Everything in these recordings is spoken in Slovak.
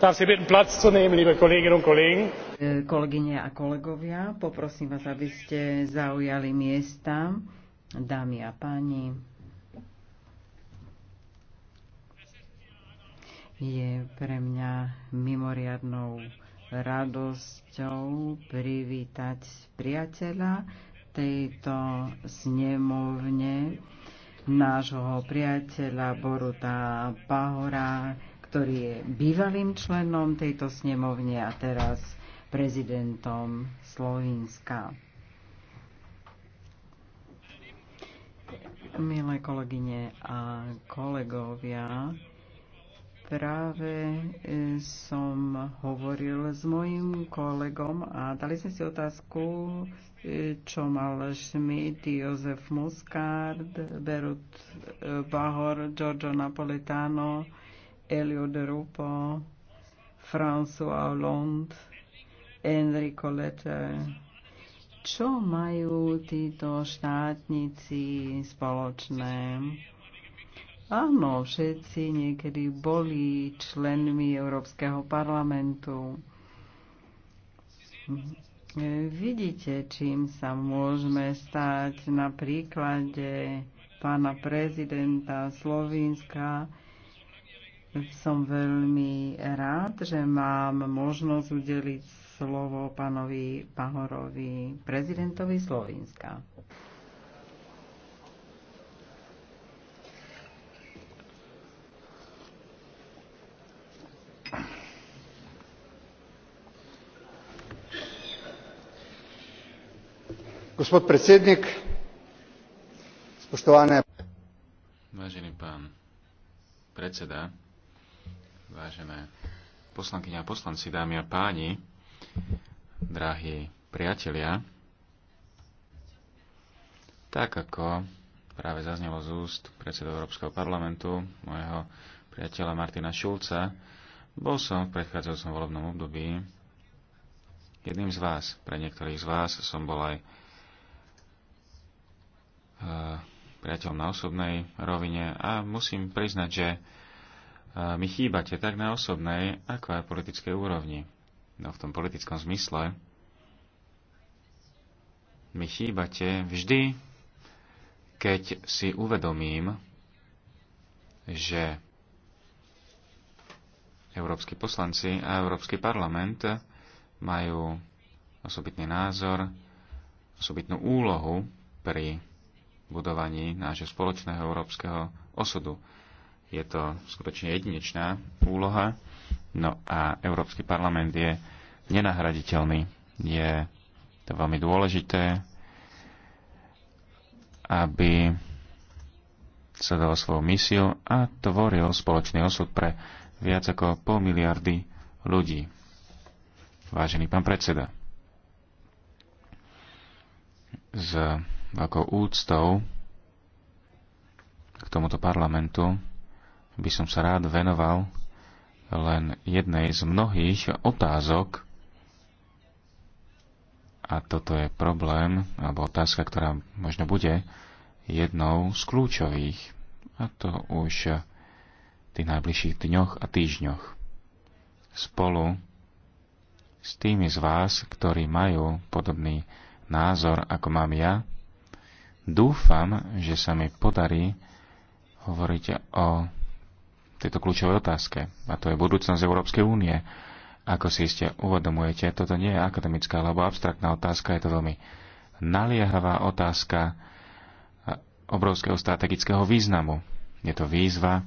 Darf e, Kolegyne a kolegovia, poprosím vás, aby ste zaujali miesta, dámy a páni. Je pre mňa mimoriadnou radosťou privítať priateľa tejto snemovne, nášho priateľa Boruta Pahora, ktorý je bývalým členom tejto snemovne a teraz prezidentom Slovenska. Milé kolegyne a kolegovia, práve e, som hovoril s mojim kolegom a dali sme si otázku, e, čo mal Schmidt, Jozef Muscard, Berut e, Bahor, Giorgio Napolitano, Elio de Rupo, François Hollande, Enrico Lete. Čo majú títo štátnici spoločné? Áno, všetci niekedy boli členmi Európskeho parlamentu. Vidíte, čím sa môžeme stať na príklade pána prezidenta Slovenska, som veľmi rád, že mám možnosť udeliť slovo pánovi Pahorovi, prezidentovi Slovenska. gospod predsednik spoštovane vážený pán predseda vážené poslankyňa a poslanci, dámy a páni, drahí priatelia. Tak ako práve zaznelo z úst predsedu Európskeho parlamentu, môjho priateľa Martina Šulca, bol som v predchádzajúcom volebnom období jedným z vás. Pre niektorých z vás som bol aj eh, priateľom na osobnej rovine a musím priznať, že mi chýbate tak na osobnej, ako aj politickej úrovni. No v tom politickom zmysle mi chýbate vždy, keď si uvedomím, že európsky poslanci a Európsky parlament majú osobitný názor, osobitnú úlohu pri budovaní nášho spoločného európskeho osudu. Je to skutočne jedinečná úloha. No a Európsky parlament je nenahraditeľný. Je to veľmi dôležité, aby dal svoju misiu a tvoril spoločný osud pre viac ako pol miliardy ľudí. Vážený pán predseda, s veľkou úctou k tomuto parlamentu by som sa rád venoval len jednej z mnohých otázok, a toto je problém, alebo otázka, ktorá možno bude jednou z kľúčových, a to už v tých najbližších dňoch a týždňoch. Spolu s tými z vás, ktorí majú podobný názor, ako mám ja, dúfam, že sa mi podarí hovoriť o tejto kľúčovej otázke, a to je budúcnosť Európskej únie. Ako si iste uvedomujete, toto nie je akademická alebo abstraktná otázka, je to veľmi naliehavá otázka obrovského strategického významu. Je to výzva,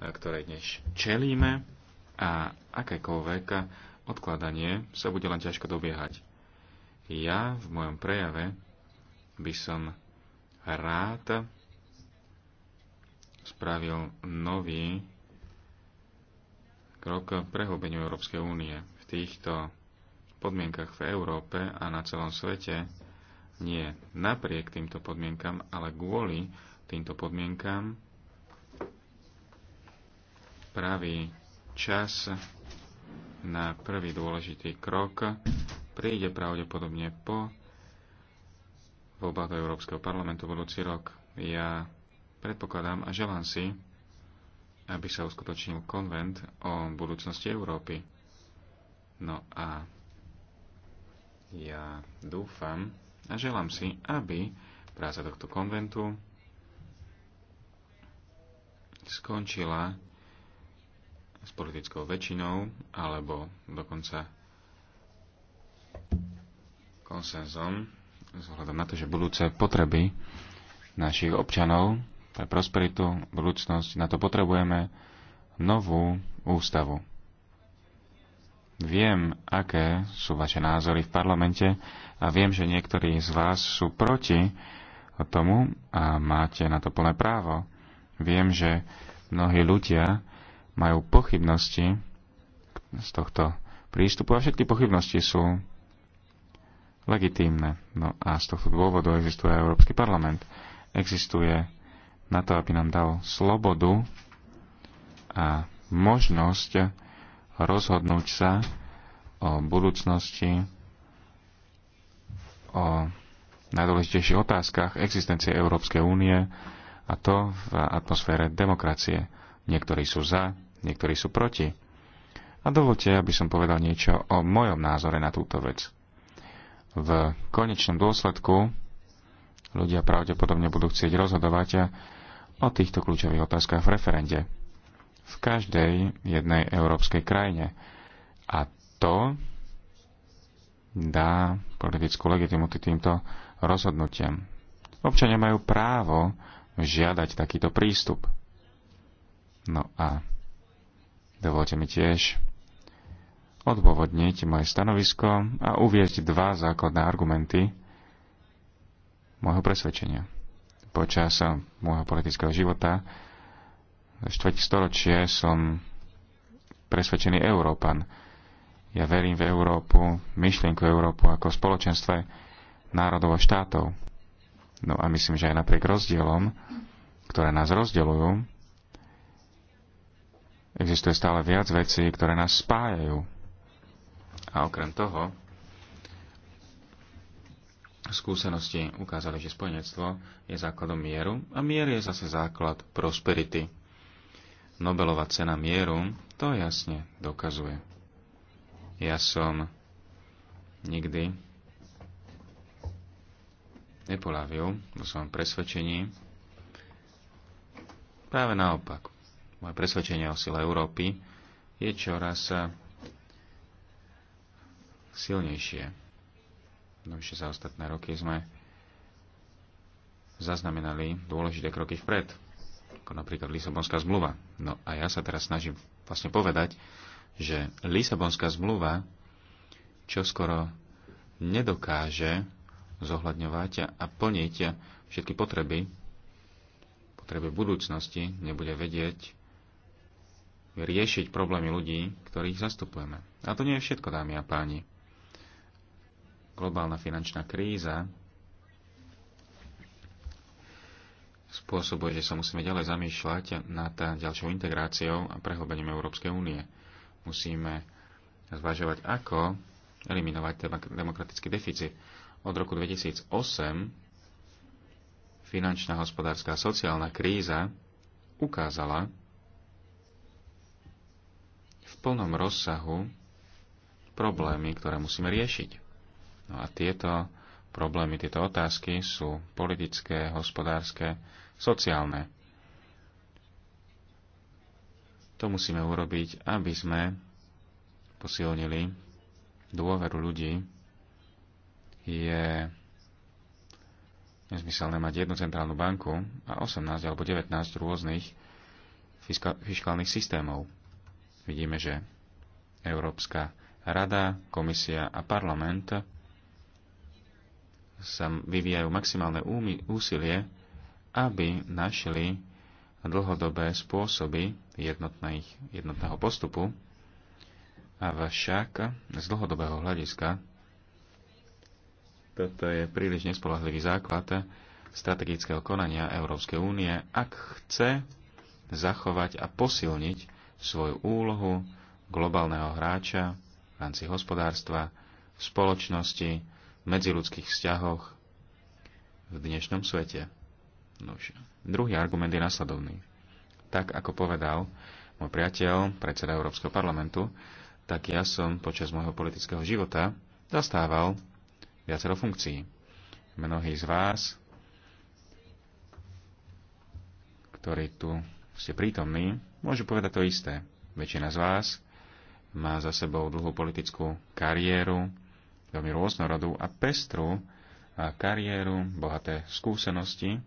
ktorej dnes čelíme a akékoľvek odkladanie sa bude len ťažko dobiehať. Ja v mojom prejave by som rád spravil nový krok prehlbeniu Európskej únie. V týchto podmienkach v Európe a na celom svete nie napriek týmto podmienkam, ale kvôli týmto podmienkam pravý čas na prvý dôležitý krok príde pravdepodobne po voľbách do Európskeho parlamentu budúci rok. Ja predpokladám a želám si, aby sa uskutočnil konvent o budúcnosti Európy. No a ja dúfam a želám si, aby práca tohto konventu skončila s politickou väčšinou alebo dokonca konsenzom vzhľadom na to, že budúce potreby našich občanov pre prosperitu, budúcnosť. Na to potrebujeme novú ústavu. Viem, aké sú vaše názory v parlamente a viem, že niektorí z vás sú proti tomu a máte na to plné právo. Viem, že mnohí ľudia majú pochybnosti z tohto prístupu a všetky pochybnosti sú legitímne. No a z tohto dôvodu existuje Európsky parlament. Existuje na to, aby nám dal slobodu a možnosť rozhodnúť sa o budúcnosti, o najdôležitejších otázkach existencie Európskej únie a to v atmosfére demokracie. Niektorí sú za, niektorí sú proti. A dovolte, aby som povedal niečo o mojom názore na túto vec. V konečnom dôsledku ľudia pravdepodobne budú chcieť rozhodovať o týchto kľúčových otázkach v referende v každej jednej európskej krajine. A to dá politickú legitimitu týmto rozhodnutiam. Občania majú právo žiadať takýto prístup. No a dovolte mi tiež odôvodniť moje stanovisko a uviezť dva základné argumenty môjho presvedčenia počas môjho politického života. Štvrť storočie som presvedčený Európan. Ja verím v Európu, myšlienku Európu ako spoločenstve národov a štátov. No a myslím, že aj napriek rozdielom, ktoré nás rozdeľujú, existuje stále viac vecí, ktoré nás spájajú. A okrem toho, skúsenosti ukázali, že spojenectvo je základom mieru a mier je zase základ prosperity. Nobelová cena mieru to jasne dokazuje. Ja som nikdy nepolavil vo svojom presvedčení. Práve naopak, moje presvedčenie o sile Európy je čoraz silnejšie ešte za ostatné roky sme zaznamenali dôležité kroky vpred, ako napríklad Lisabonská zmluva. No a ja sa teraz snažím vlastne povedať, že Lisabonská zmluva čoskoro nedokáže zohľadňovať a plniť všetky potreby, potreby budúcnosti, nebude vedieť riešiť problémy ľudí, ktorých zastupujeme. A to nie je všetko, dámy a páni globálna finančná kríza spôsobuje, že sa musíme ďalej zamýšľať nad ďalšou integráciou a prehlbením Európskej únie. Musíme zvažovať, ako eliminovať demokratický deficit. Od roku 2008 finančná, hospodárska a sociálna kríza ukázala v plnom rozsahu problémy, ktoré musíme riešiť. No a tieto problémy, tieto otázky sú politické, hospodárske, sociálne. To musíme urobiť, aby sme posilnili dôveru ľudí. Je nezmyselné mať jednu centrálnu banku a 18 alebo 19 rôznych fiskálnych systémov. Vidíme, že Európska rada, komisia a parlament sa vyvíjajú maximálne úsilie, aby našli dlhodobé spôsoby jednotného postupu, avšak z dlhodobého hľadiska toto je príliš nespolahlivý základ strategického konania Európskej únie, ak chce zachovať a posilniť svoju úlohu globálneho hráča v rámci hospodárstva, spoločnosti, medziludských vzťahoch v dnešnom svete. Nož. Druhý argument je následovný. Tak ako povedal môj priateľ, predseda Európskeho parlamentu, tak ja som počas môjho politického života zastával viacero funkcií. Mnohí z vás, ktorí tu ste prítomní, môžu povedať to isté. Väčšina z vás má za sebou dlhú politickú kariéru, veľmi rôznorodú a a kariéru, bohaté skúsenosti.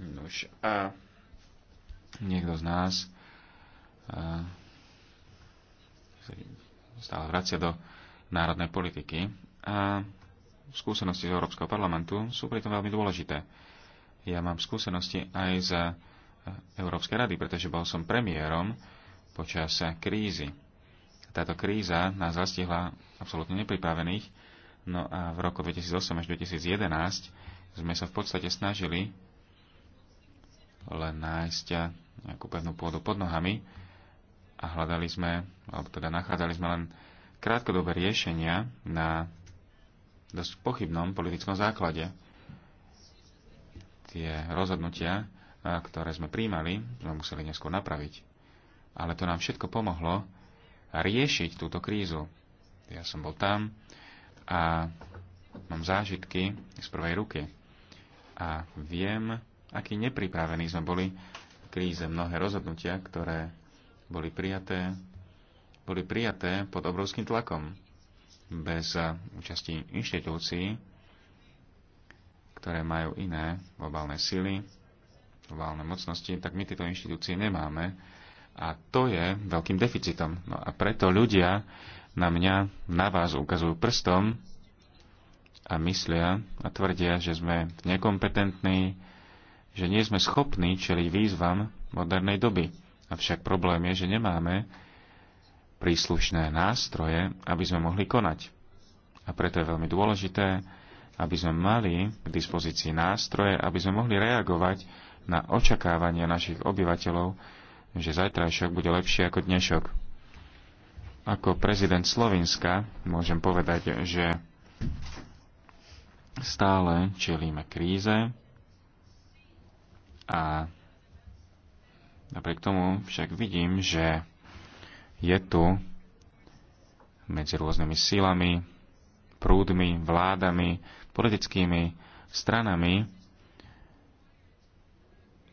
Nož a niekto z nás stále vracia do národnej politiky a skúsenosti z Európskeho parlamentu sú pritom veľmi dôležité. Ja mám skúsenosti aj z Európskej rady, pretože bol som premiérom počas krízy táto kríza nás zastihla absolútne nepripravených, no a v roku 2008 až 2011 sme sa v podstate snažili len nájsť nejakú pevnú pôdu pod nohami a hľadali sme, alebo teda nachádzali sme len krátkodobé riešenia na dosť pochybnom politickom základe. Tie rozhodnutia, ktoré sme príjmali, sme museli neskôr napraviť. Ale to nám všetko pomohlo riešiť túto krízu. Ja som bol tam a mám zážitky z prvej ruky. A viem, aký nepripravení sme boli v kríze. Mnohé rozhodnutia, ktoré boli prijaté, boli prijaté pod obrovským tlakom. Bez eh, účasti inštitúcií, ktoré majú iné globálne sily, globálne mocnosti, tak my tieto inštitúcie nemáme a to je veľkým deficitom. No a preto ľudia na mňa, na vás ukazujú prstom a myslia a tvrdia, že sme nekompetentní, že nie sme schopní čeliť výzvam modernej doby. Avšak problém je, že nemáme príslušné nástroje, aby sme mohli konať. A preto je veľmi dôležité, aby sme mali k dispozícii nástroje, aby sme mohli reagovať na očakávania našich obyvateľov, že zajtrajšok bude lepší ako dnešok. Ako prezident Slovenska môžem povedať, že stále čelíme kríze a napriek tomu však vidím, že je tu medzi rôznymi silami, prúdmi, vládami, politickými stranami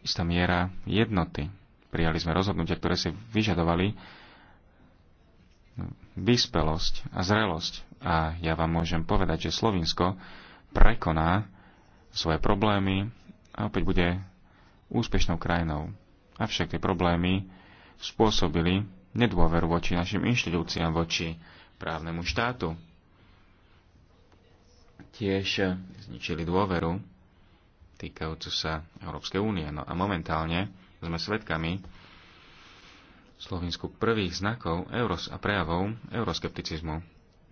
istá miera jednoty. Prijali sme rozhodnutia, ktoré si vyžadovali vyspelosť a zrelosť. A ja vám môžem povedať, že Slovinsko prekoná svoje problémy a opäť bude úspešnou krajinou. Avšak tie problémy spôsobili nedôveru voči našim inštitúciám, voči právnemu štátu. Tiež zničili dôveru týkajúcu sa Európskej únie. No a momentálne sme svedkami v Slovensku prvých znakov euros a prejavov euroskepticizmu.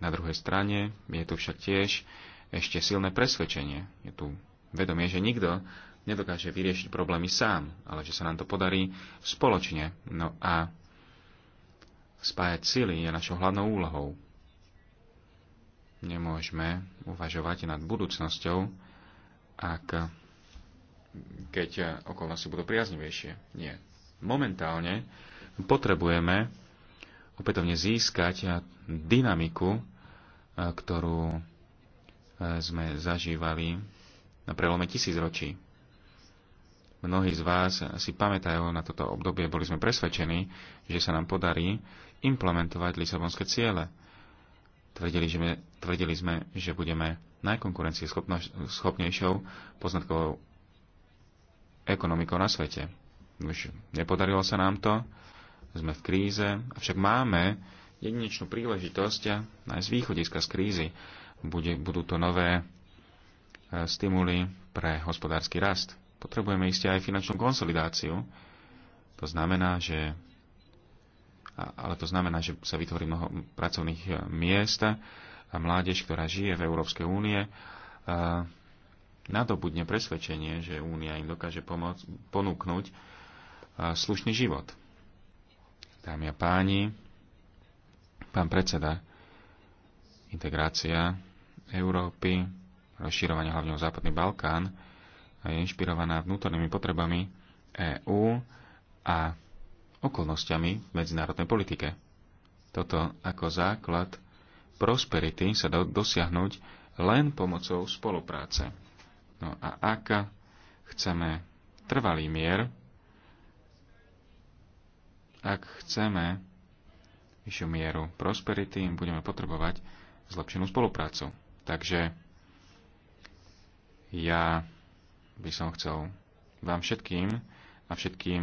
Na druhej strane je tu však tiež ešte silné presvedčenie. Je tu vedomie, že nikto nedokáže vyriešiť problémy sám, ale že sa nám to podarí spoločne. No a spájať sily je našou hlavnou úlohou. Nemôžeme uvažovať nad budúcnosťou, ak keď e, okolnosti budú priaznivejšie. Nie. Momentálne potrebujeme opätovne získať e, dynamiku, e, ktorú sme zažívali na prelome ročí. Mnohí z vás si pamätajú na toto obdobie, boli sme presvedčení, že sa nám podarí implementovať lisabonské ciele. Tvrdili, že, tvrdili sme, že budeme najkonkurencieschopnejšou poznatkovou ekonomikou na svete. Už nepodarilo sa nám to, sme v kríze, avšak máme jedinečnú príležitosť a nájsť východiska z krízy. Bude, budú to nové e, stimuly pre hospodársky rast. Potrebujeme iste aj finančnú konsolidáciu. To znamená, že ale to znamená, že sa vytvorí mnoho pracovných e, miest a mládež, ktorá žije v Európskej únie, nadobudne presvedčenie, že Únia im dokáže pomôcť, ponúknuť slušný život. Dámy a páni, pán predseda, integrácia Európy, rozširovanie hlavne o Západný Balkán, je inšpirovaná vnútornými potrebami EÚ a okolnostiami v medzinárodnej politike. Toto ako základ prosperity sa dá dosiahnuť len pomocou spolupráce. No a ak chceme trvalý mier, ak chceme vyššiu mieru prosperity, budeme potrebovať zlepšenú spoluprácu. Takže ja by som chcel vám všetkým a všetkým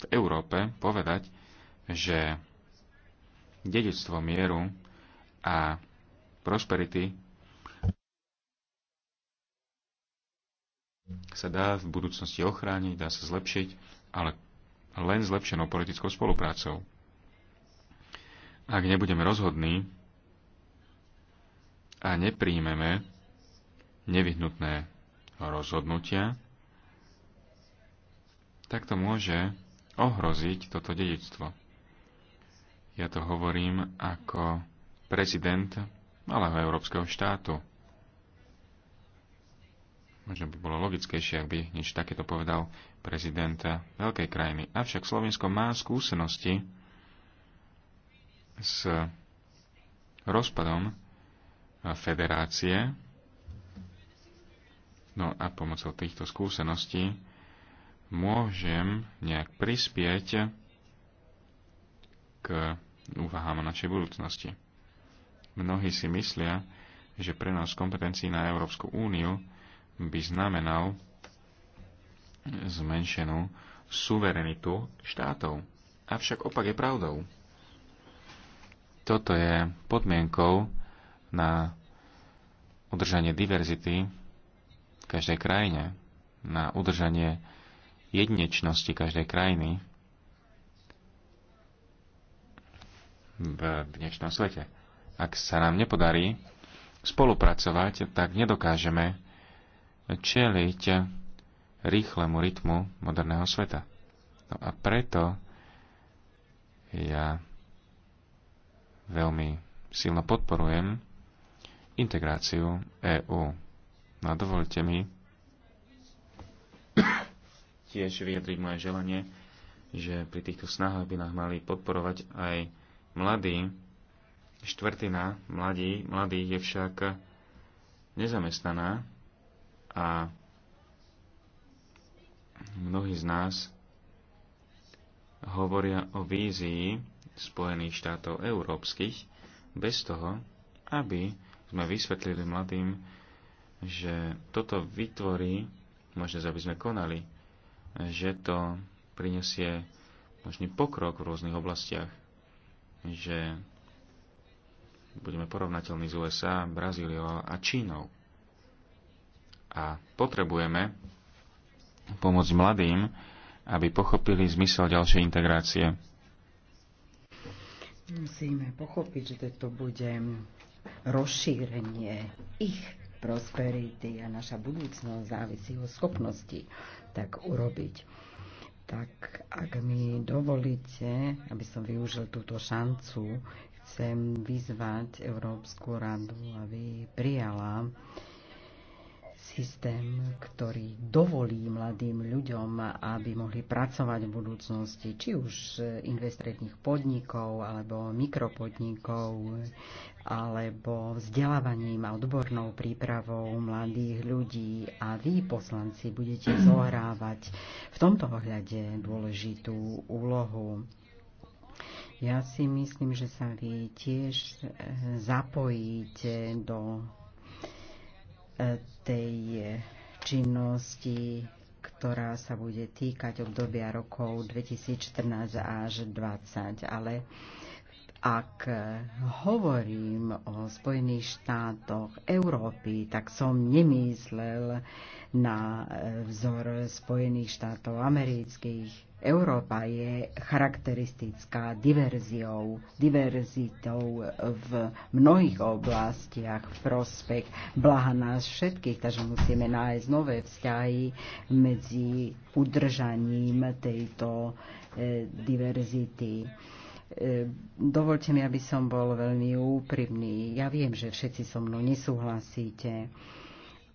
v Európe povedať, že dedictvo mieru a prosperity sa dá v budúcnosti ochrániť, dá sa zlepšiť, ale len zlepšenou politickou spoluprácou. Ak nebudeme rozhodní a nepríjmeme nevyhnutné rozhodnutia, tak to môže ohroziť toto dedictvo. Ja to hovorím ako prezident malého európskeho štátu. Možno by bolo logickejšie, ak by niečo takéto povedal prezident veľkej krajiny. Avšak Slovensko má skúsenosti s rozpadom federácie. No a pomocou týchto skúseností môžem nejak prispieť k úvahám o našej budúcnosti. Mnohí si myslia, že prenos kompetencií na Európsku úniu by znamenal zmenšenú suverenitu štátov. Avšak opak je pravdou. Toto je podmienkou na udržanie diverzity v každej krajine, na udržanie jedinečnosti každej krajiny v dnešnom svete. Ak sa nám nepodarí spolupracovať, tak nedokážeme čeliť rýchlemu rytmu moderného sveta. No a preto ja veľmi silno podporujem integráciu EÚ. No a dovolte mi tiež vyjadriť moje želanie, že pri týchto snahách by nás mali podporovať aj mladí. Štvrtina mladí, mladých je však nezamestnaná a mnohí z nás hovoria o vízii Spojených štátov európskych bez toho, aby sme vysvetlili mladým, že toto vytvorí možnosť, aby sme konali, že to prinesie možný pokrok v rôznych oblastiach, že budeme porovnateľní s USA, Brazíliou a Čínou a potrebujeme pomôcť mladým, aby pochopili zmysel ďalšej integrácie. Musíme pochopiť, že to bude rozšírenie ich prosperity a naša budúcnosť závisí od schopnosti tak urobiť. Tak ak mi dovolíte, aby som využil túto šancu, chcem vyzvať Európsku radu, aby prijala systém, ktorý dovolí mladým ľuďom, aby mohli pracovať v budúcnosti, či už investredných podnikov, alebo mikropodnikov, alebo vzdelávaním a odbornou prípravou mladých ľudí. A vy, poslanci, budete zohrávať v tomto ohľade dôležitú úlohu. Ja si myslím, že sa vy tiež zapojíte do e, tej eh, činnosti, ktorá sa bude týkať obdobia rokov 2014 až 2020. Ale ak eh, hovorím o Spojených štátoch Európy, tak som nemyslel na eh, vzor Spojených štátov amerických. Európa je charakteristická diverziou, diverzitou v mnohých oblastiach v prospech blaha nás všetkých, takže musíme nájsť nové vzťahy medzi udržaním tejto e, diverzity. E, dovolte mi, aby som bol veľmi úprimný. Ja viem, že všetci so mnou nesúhlasíte,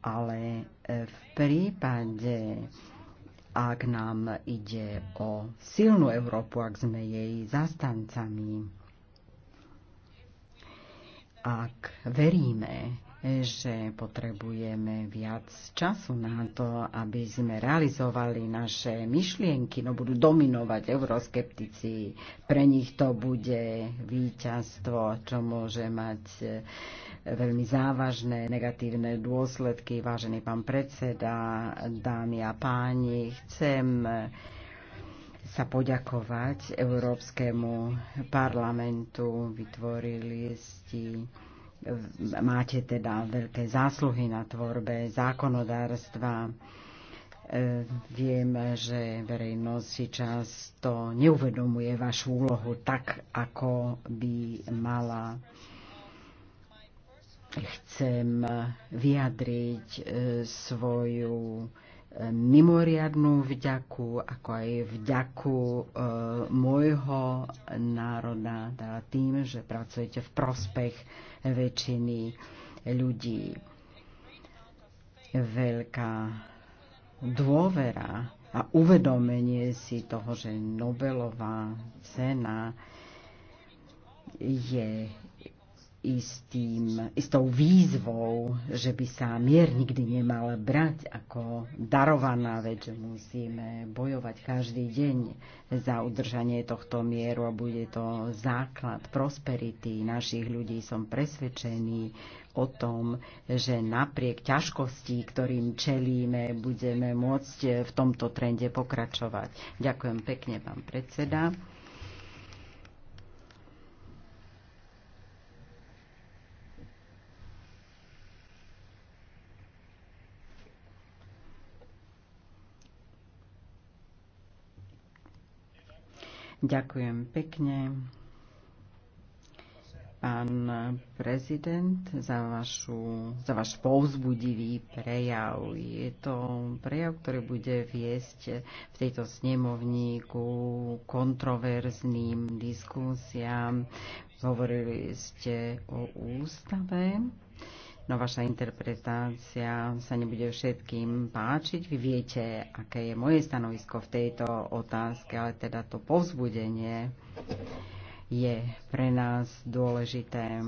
ale e, v prípade ak nám ide o silnú Európu, ak sme jej zastancami, ak veríme, že potrebujeme viac času na to, aby sme realizovali naše myšlienky, no budú dominovať euroskeptici, pre nich to bude víťazstvo, čo môže mať veľmi závažné negatívne dôsledky. Vážený pán predseda, dámy a páni, chcem sa poďakovať Európskemu parlamentu. Vytvorili ste máte teda veľké zásluhy na tvorbe zákonodárstva. E, viem, že verejnosť si často neuvedomuje vašu úlohu tak, ako by mala chcem vyjadriť e, svoju e, mimoriadnú vďaku, ako aj vďaku e, môjho národa, teda tým, že pracujete v prospech väčšiny ľudí. Veľká dôvera a uvedomenie si toho, že Nobelová cena je istým, istou výzvou, že by sa mier nikdy nemal brať ako darovaná vec, že musíme bojovať každý deň za udržanie tohto mieru a bude to základ prosperity našich ľudí. Som presvedčený o tom, že napriek ťažkostí, ktorým čelíme, budeme môcť v tomto trende pokračovať. Ďakujem pekne, pán predseda. Ďakujem pekne, pán prezident, za, vašu, za váš povzbudivý prejav. Je to prejav, ktorý bude viesť v tejto snemovníku kontroverzným diskusiám. Hovorili ste o ústave no vaša interpretácia sa nebude všetkým páčiť. Vy viete, aké je moje stanovisko v tejto otázke, ale teda to povzbudenie je pre nás dôležité.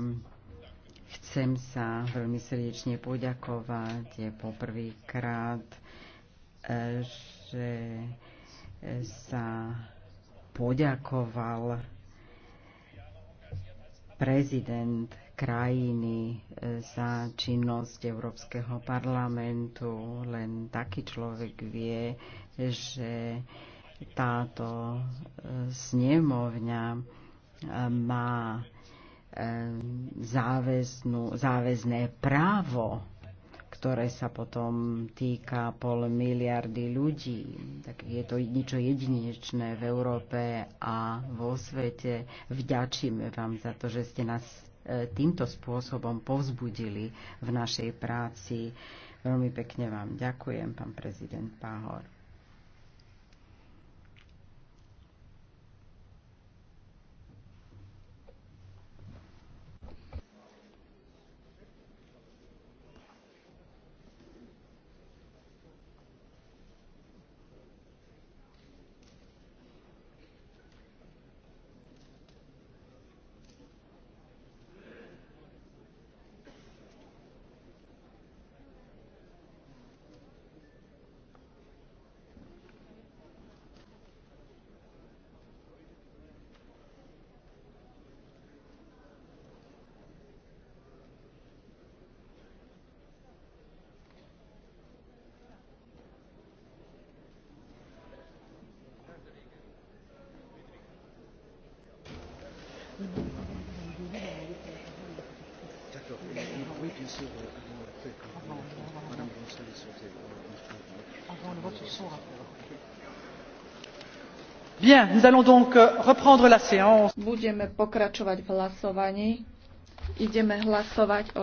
Chcem sa veľmi srdečne poďakovať. Je poprvýkrát, že sa poďakoval prezident krajiny e, za činnosť Európskeho parlamentu. Len taký človek vie, že táto e, snemovňa e, má záväznú, záväzné právo, ktoré sa potom týka pol miliardy ľudí. Tak je to niečo jedinečné v Európe a vo svete. Vďačíme vám za to, že ste nás týmto spôsobom povzbudili v našej práci. Veľmi pekne vám ďakujem, pán prezident Páhor. Euh, Budeme pokračovať v hlasovaní. Ideme hlasovať o